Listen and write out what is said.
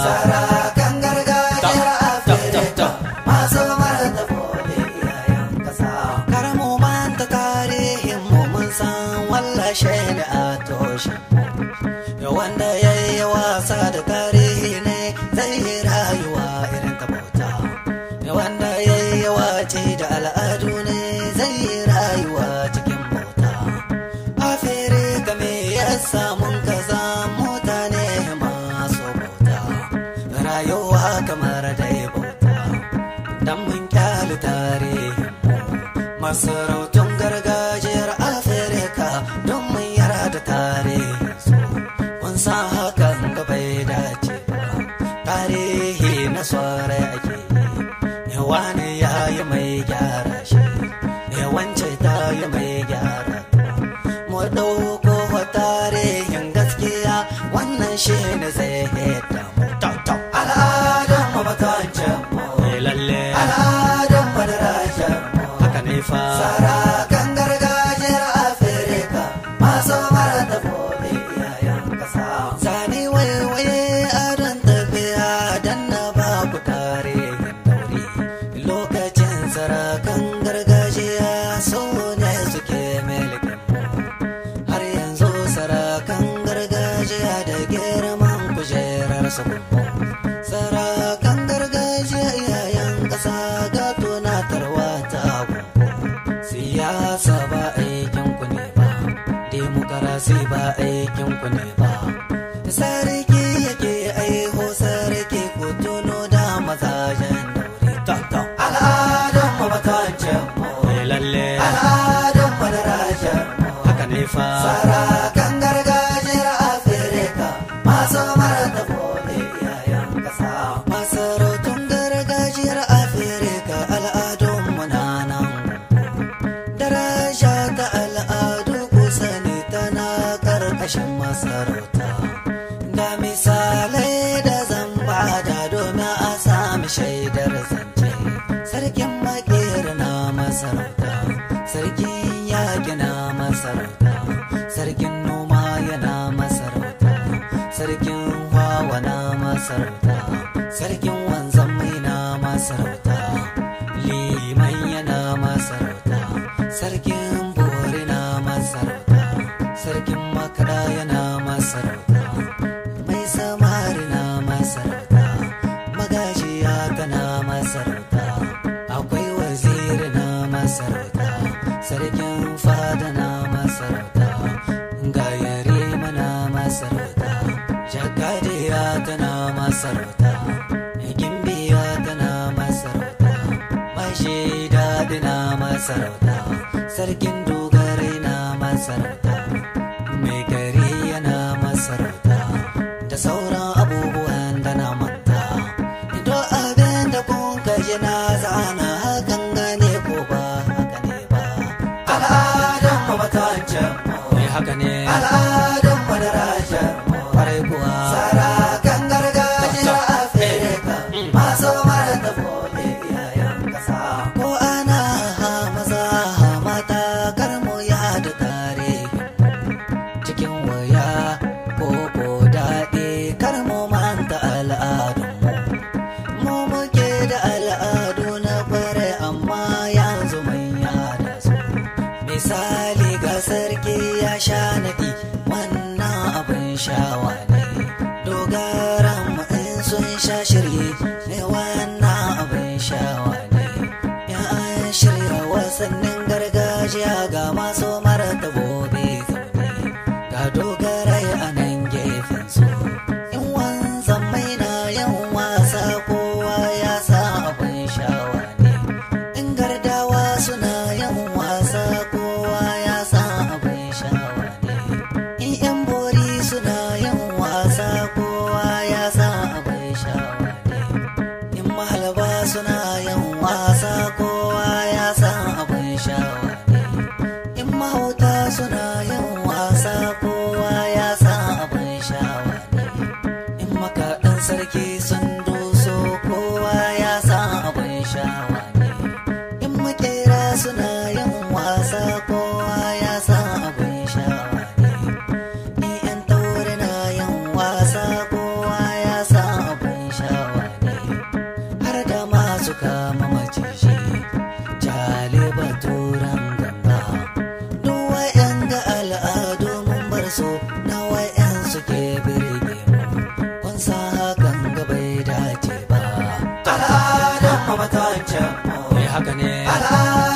sarakan gargajiyar afirka masu marta fode iyayen kasa kar mu manta tarihin mu mun san wallashe da a toshe mu masarautun gargajiyar afirka don mun yara da tare kun sa hakan ka bai dace tarihi na sware ake ne wani ya yi mai gyara shi ne wance ta yi mai gyara mu ɗauko tarihin gaskiya wannan shi ne zai kan gargajiya sau ne suke milikin har yanzu sarakan gargajiya da girman kujerar su sarakan gargajiya yayan ƙasa ga tunatarwa ta agogo siyasa ba aikin ku ne ba demokarasi ba aikin ku ne ba fa sarakan gargajiyar afirka masu mara tafo ne iyayen kasa masarautun gargajiyar afirka al'adun munanan daraja ta al'adu kusa ne tana karkashin masarauta ga misalai da zamba da domin a sami shaidar zance wawana na masarauta sarkin wanzan mai na masarauta liman yana masarauta sarkin bori na masarauta sarkin makada yana masarauta mai samari na masarauta magajiya na masarauta akwai waziri na masarauta sarkin fada na masarauta masarauta biya tana masarauta mai shaida tana masarauta sarkin dogarai na masarauta 下雪了。su na wayan su ke mu kun sa hakan ga bai dace ba al'adar mabatancin mai haka ne al'adar